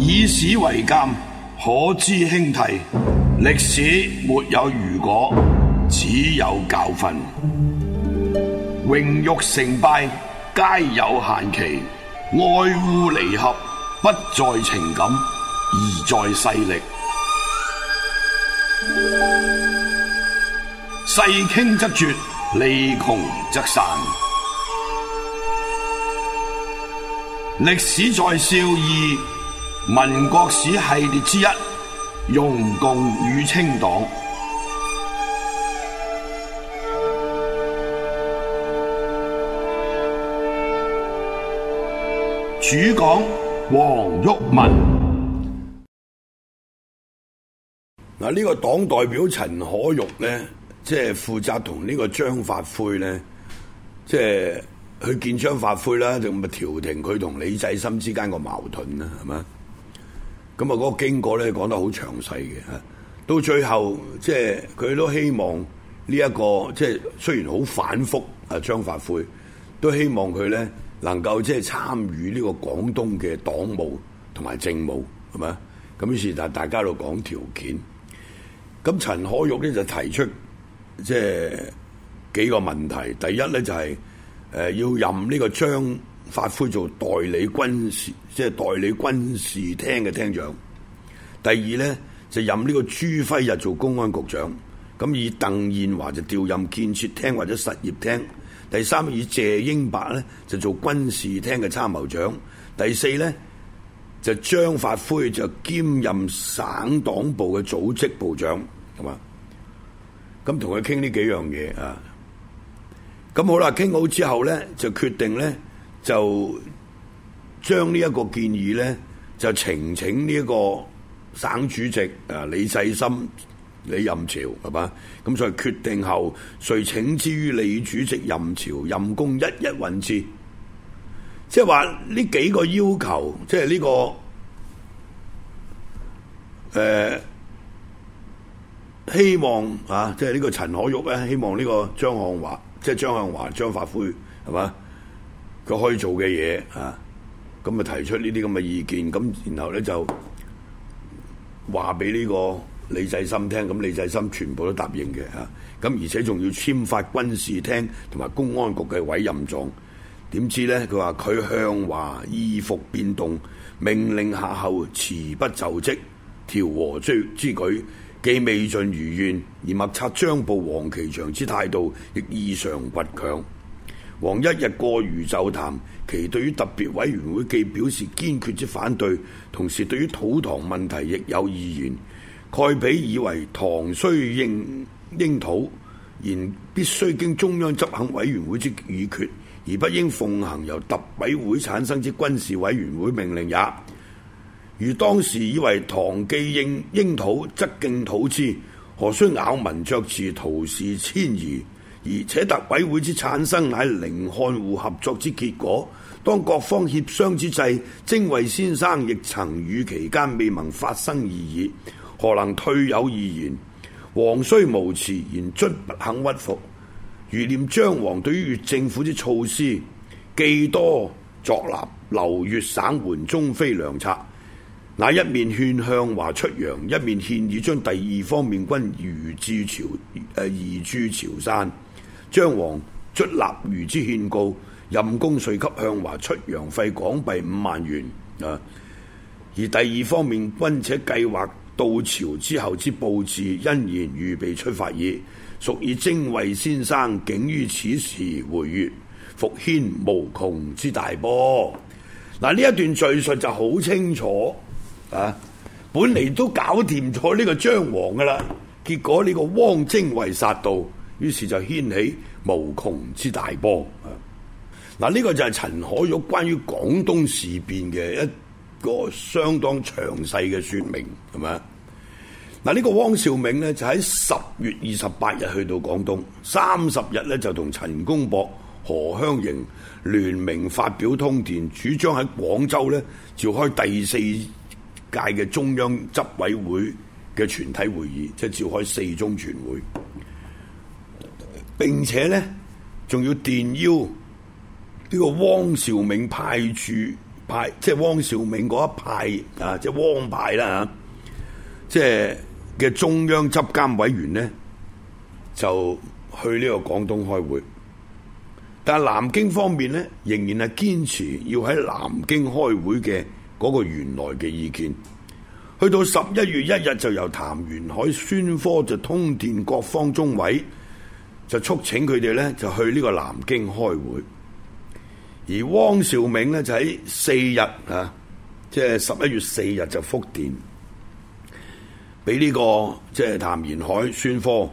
以史為鑒，可知興替。歷史沒有如果，只有教訓。榮辱成敗皆有限期，愛護離合不在情感，而在勢力。勢傾則絕，利窮則散。歷史在笑爾。民國史系列之一，容共與清黨，主講黃毓民。嗱、啊，呢、這個黨代表陳可玉咧，即係負責同呢個張發輝咧，即、就、係、是、去見張發輝啦，咁咪調停佢同李濟深之間個矛盾啦，係嘛？咁啊，嗰個經過咧講得好詳細嘅嚇，到最後即係佢都希望呢、這、一個即係雖然好反覆、特、啊、張發奎，都希望佢咧能夠即係參與呢個廣東嘅黨務同埋政務，係咪？咁於是就大家喺度講條件。咁陳可玉咧就提出即係幾個問題，第一咧就係、是、誒、呃、要任呢個張。發奎做代理軍事，即係代理軍事廳嘅廳長。第二咧就任呢個朱輝日做公安局長，咁以鄧彥華就調任建設廳或者實業廳。第三以謝英伯咧就做軍事廳嘅參謀長。第四咧就張發奎就兼任省黨部嘅組織部長。係嘛？咁同佢傾呢幾樣嘢啊。咁好啦，傾好之後咧就決定咧。就將呢一個建議呢，就呈請呢一個省主席啊李世森、李任潮係嘛，咁所以決定後，遂請之於李主席任潮任公一一允之，即係話呢幾個要求，即係呢、呢個誒、呃、希望啊，即係呢個陳可玉咧，希望呢個張漢華，即係張向華張發輝係嘛。佢可以做嘅嘢啊，咁啊提出呢啲咁嘅意見，咁然後咧就話俾呢個李濟深聽，咁李濟深全部都答應嘅啊，咁而且仲要簽發軍事廳同埋公安局嘅委任狀。點知咧，佢話佢向華衣服變動，命令下後辭不就職，調和之之舉既未盡如願，而密策張部黃琪翔之態度亦異常倔強。王一日過如就談，其對於特別委員會既表示堅決之反對，同時對於討唐問題亦有意見。蓋彼以為唐須應應討，然必須經中央執行委員會之議決，而不應奉行由特委會產生之軍事委員會命令也。如當時以為唐既應應討，則徑討之，何須咬文嚼字、徒事遷移？而且特委會之產生乃零漢湖合作之結果。當各方協商之際，精衛先生亦曾與其間未能發生異議，何能退有異言？王雖無辭，然卒不肯屈服。如念張王對於粵政府之措施，既多作難，留越省援中非良策，那一面勸向華出洋，一面獻議將第二方面軍移至潮，誒移駐潮汕。張王卒立如之勸告，任公遂給向華出洋費港幣五萬元。啊，而第二方面，軍且計劃到朝之後之布置，欣然預備出發矣。屬以精衛先生，竟於此時回粵，復掀無窮之大波。嗱、啊，呢一段敘述就好清楚。啊，本嚟都搞掂咗呢個張王噶啦，結果呢個汪精衛殺到。於是就掀起無窮之大波啊！嗱，呢個就係陳海玉關於廣東事變嘅一個相當詳細嘅説明，係咪啊？嗱，呢個汪兆銘呢，就喺十月二十八日去到廣東，三十日呢，就同陳公博、何香凝聯名發表通電，主張喺廣州呢召開第四屆嘅中央執委會嘅全體會議，即係召開四中全會。並且呢，仲要電邀呢個汪兆銘派處派，即係汪兆銘嗰一派啊，即係汪派啦啊，即係嘅中央執監委員呢，就去呢個廣東開會。但係南京方面呢，仍然係堅持要喺南京開會嘅嗰個原來嘅意見。去到十一月一日，就由譚元海孫科就通電各方中委。就促請佢哋咧，就去呢個南京開會。而汪兆銘呢，就喺四日啊，即係十一月四日就復電，俾呢、這個即係、就是、譚延闓宣科，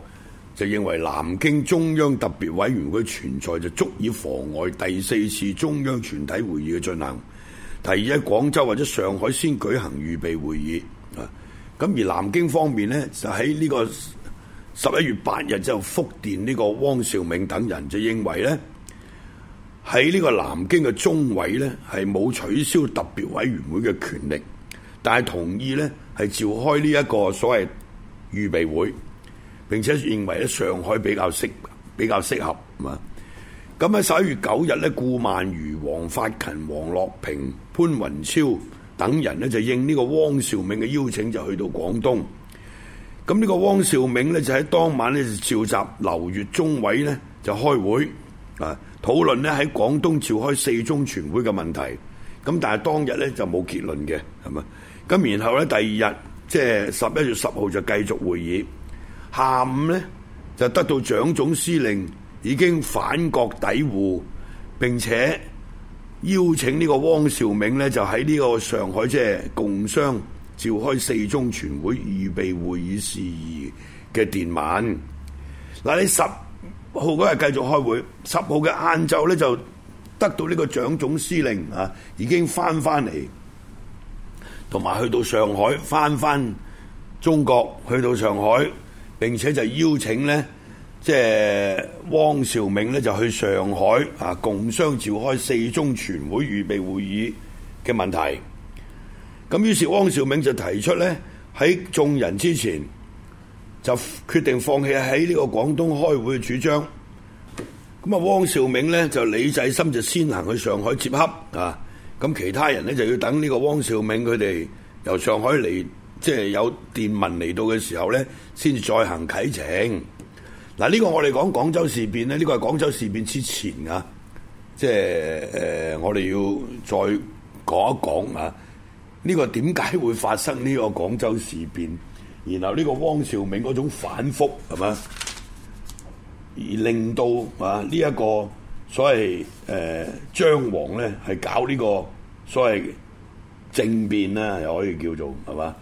就認為南京中央特別委員會存在就足以妨礙第四次中央全體會議嘅進行，提議喺廣州或者上海先舉行預備會議啊。咁而南京方面呢，就喺呢、這個。十一月八日之，就復電呢個汪兆銘等人，就認為呢，喺呢個南京嘅中委呢，係冇取消特別委員會嘅權力，但係同意呢係召開呢一個所謂預備會，並且認為咧上海比較適比較適合啊。咁喺、嗯、十一月九日呢，顧孟餘、王法勤、王樂平、潘雲超等人呢，就應呢個汪兆銘嘅邀請就去到廣東。咁呢個汪兆銘呢，就喺當晚咧召集劉月中委呢，就開會啊討論咧喺廣東召開四中全會嘅問題。咁但係當日呢，就冇結論嘅，係咪？咁然後呢，第二、就是、日即係十一月十號就繼續會議。下午呢，就得到蔣總司令已經返國抵滬，並且邀請呢個汪兆銘呢，就喺呢個上海即係共商。召開四中全會預備會議事宜嘅電文。嗱，你十號嗰日繼續開會，十號嘅晏晝咧就得到呢個蔣總司令啊，已經翻翻嚟，同埋去到上海翻翻中國，去到上海，並且就邀請呢，即係汪兆銘呢，就去上海啊，共商召開四中全會預備會議嘅問題。咁於是汪兆銘就提出呢，喺眾人之前就決定放棄喺呢個廣東開會嘅主張。咁啊，汪兆銘呢，就李濟深就先行去上海接洽啊。咁其他人呢，就要等呢個汪兆銘佢哋由上海嚟，即係有電文嚟到嘅時候呢，先至再行啟程。嗱，呢個我哋講廣州事變呢，呢個係廣州事變之前啊，即係，呃，我哋要再講一講啊。呢個點解會發生呢個廣州事變？然後呢個汪兆銘嗰種反覆係嘛，而令到啊呢一個所謂誒，張黃呢係搞呢個所謂政變呢，又可以叫做係嘛。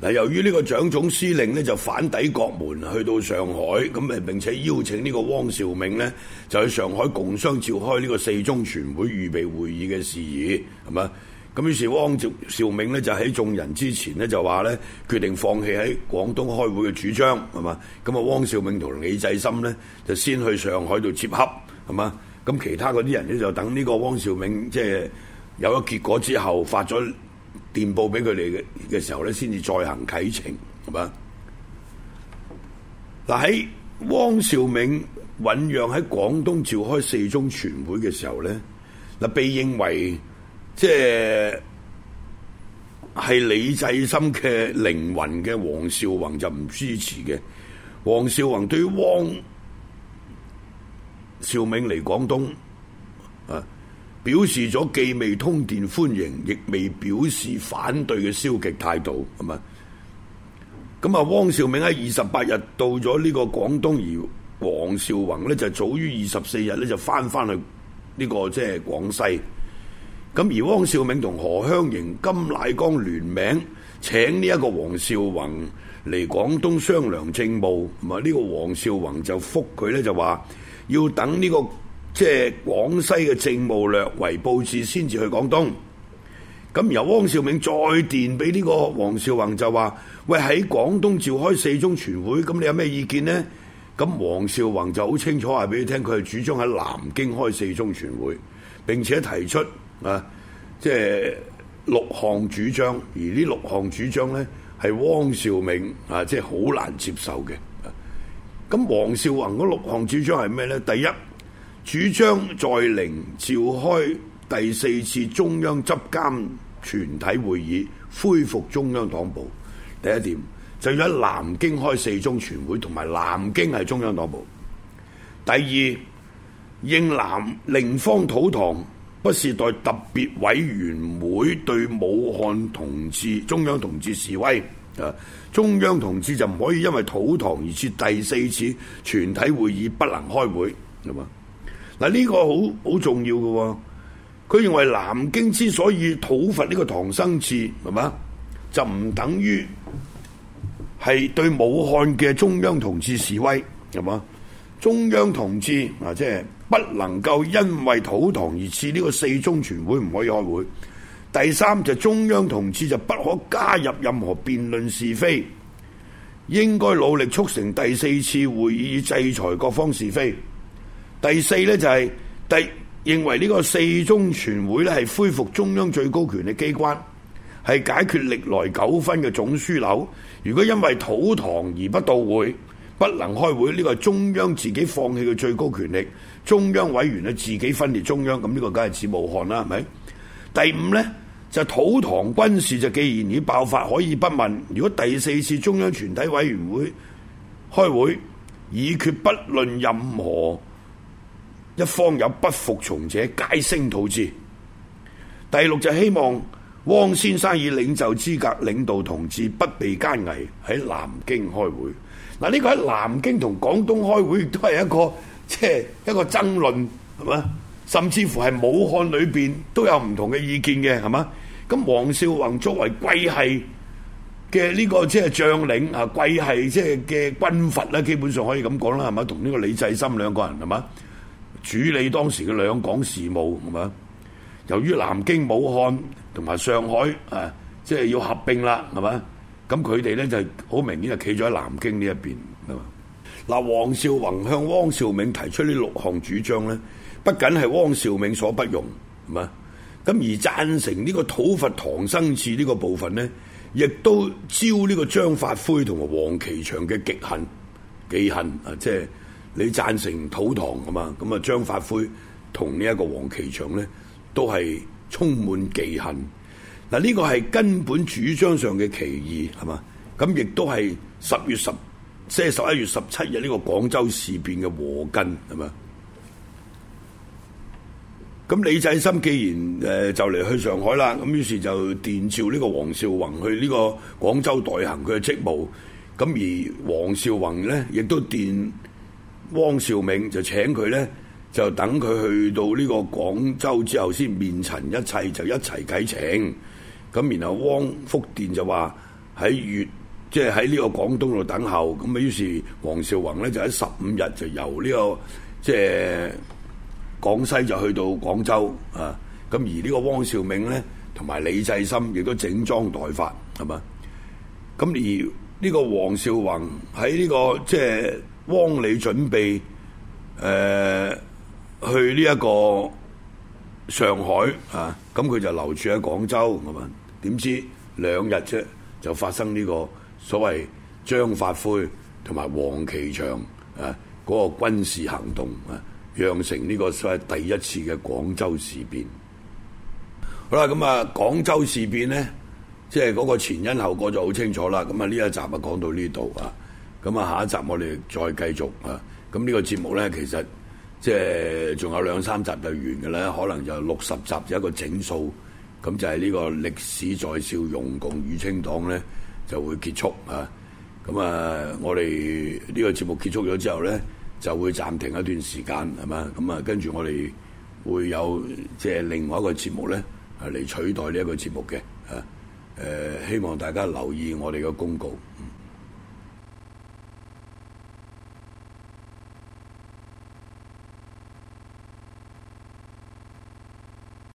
嗱，由於呢個蔣總司令呢就反抵國門去到上海，咁誒，並且邀請呢個汪兆銘呢就喺上海共商召開呢個四中全會預備會議嘅事宜係嘛？咁於是汪兆兆銘呢，就喺眾人之前呢，就話呢，決定放棄喺廣東開會嘅主張係嘛？咁啊汪兆銘同李濟深呢，就先去上海度接洽係嘛？咁其他嗰啲人呢，就等呢個汪兆銘即係有咗結果之後發咗電報俾佢哋嘅嘅時候呢，先至再行啟程係嘛？嗱喺汪兆銘醞釀喺廣東召開四中全會嘅時候呢，嗱被認為，即係李濟深嘅靈魂嘅黃紹竑就唔支持嘅，黃紹竑對汪兆銘嚟廣東啊，表示咗既未通電歡迎，亦未表示反對嘅消極態度，係咪？咁啊，汪兆銘喺二十八日到咗呢個廣東，而黃紹竑呢就早於二十四日呢就翻翻去呢、這個即係廣西。咁而汪兆銘同何香凝、金乃江聯名請呢一個黃少宏嚟廣東商量政務，咁啊呢個黃少宏就覆佢咧，就話要等呢個即係廣西嘅政務略為佈置先至去廣東。咁由汪兆銘再電俾呢個黃少宏就話：喂，喺廣東召開四中全會，咁你有咩意見呢？咁黃少宏就好清楚話俾佢聽，佢係主張喺南京開四中全會，並且提出。啊，即係六項主張，而六項主張呢六項主張呢係汪兆銘啊，即係好難接受嘅。咁、啊、黃少宏嗰六項主張係咩呢？第一，主張在寧召開第四次中央執監全體會議，恢復中央黨部。第一點就喺南京開四中全會，同埋南京係中央黨部。第二，應南寧方土堂。不是代特別委員會對武漢同志、中央同志示威，誒、啊，中央同志就唔可以因為討唐而說第四次全體會議不能開會，係嘛？嗱、啊，呢、呢個好好重要嘅、啊，佢認為南京之所以討伐呢個唐生智，係嘛，就唔等於係對武漢嘅中央同志示威，係嘛？中央同志啊，即係。不能夠因為土堂而使呢、這個四中全會唔可以開會。第三就是、中央同志就不可加入任何辯論是非，應該努力促成第四次會議制裁各方是非。第四呢，就係、是、第認為呢個四中全會咧係恢復中央最高權力機關，係解決歷來糾紛嘅總樞紐。如果因為土堂而不到會，不能開會，呢、這個係中央自己放棄嘅最高權力。中央委員咧自己分裂中央，咁、這、呢個梗係指武漢啦，係咪？第五呢，就是、土堂軍事就既然已爆發，可以不問。如果第四次中央全體委員會開會，以決不論任何一方有不服從者，皆聲討之。第六就希望汪先生以領袖資格領導同志不被奸，不避艱危喺南京開會。嗱，呢個喺南京同廣東開會都係一個。即係一個爭論，係嘛？甚至乎係武漢裏邊都有唔同嘅意見嘅，係嘛？咁黃少宏作為貴系嘅呢、這個即係、就是、將領啊，貴系即係嘅軍閥咧，基本上可以咁講啦，係咪？同呢個李濟深兩個人係嘛？處理當時嘅兩廣事務，係嘛？由於南京、武漢同埋上海啊，即係要合併啦，係嘛？咁佢哋咧就好明顯係企咗喺南京呢一邊。嗱，黃紹竑向汪兆銘提出呢六項主張咧，不僅係汪兆銘所不容，係嘛？咁而贊成呢個討伐唐生智呢個部分咧，亦都招呢個張發奎同埋黃琪翔嘅嫉恨、忌恨啊！即係你贊成討唐啊嘛？咁啊，張發奎同呢一個黃琪翔咧，都係充滿忌恨。嗱，呢個係根本主張上嘅歧義，係嘛？咁亦都係十月十。即係十一月十七日呢個廣州事變嘅禍根係嘛？咁李濟深既然誒、呃、就嚟去上海啦，咁於是就電召呢個黃紹竑去呢個廣州代行佢嘅職務。咁而黃紹竑呢，亦都電汪兆銘就請佢呢，就等佢去到呢個廣州之後先面陳一切，就一齊啟程。咁然後汪復電就話喺粵。即係喺呢個廣東度等候，咁啊於是黃少宏咧就喺十五日就由呢、這個即係廣西就去到廣州啊，咁而呢個汪兆銘咧同埋李濟深亦都整裝待發，係嘛？咁而呢個黃少宏喺呢、這個即係、就是、汪李準備誒、呃、去呢一個上海啊，咁佢就留住喺廣州，咁嘛點知兩日啫就發生呢、這個？所謂張發奎同埋黃琪翔啊，嗰個軍事行動啊，釀成呢個所謂第一次嘅廣州事變。好啦，咁啊，廣州事變呢，即係嗰個前因後果就好清楚啦。咁啊，呢一集啊講到呢度啊，咁啊下一集我哋再繼續啊。咁呢個節目呢，其實即係仲有兩三集就完嘅咧，可能就六十集就一個整數，咁就係呢個歷史在笑，容共與清黨呢，就會結束嚇，咁啊，啊，我哋呢個節目結束咗之後呢，就會暫停一段時間，係嘛？咁啊，跟住我哋會有即係另外一個節目咧，係、啊、嚟取代呢一個節目嘅，誒、啊啊、希望大家留意我哋嘅公告。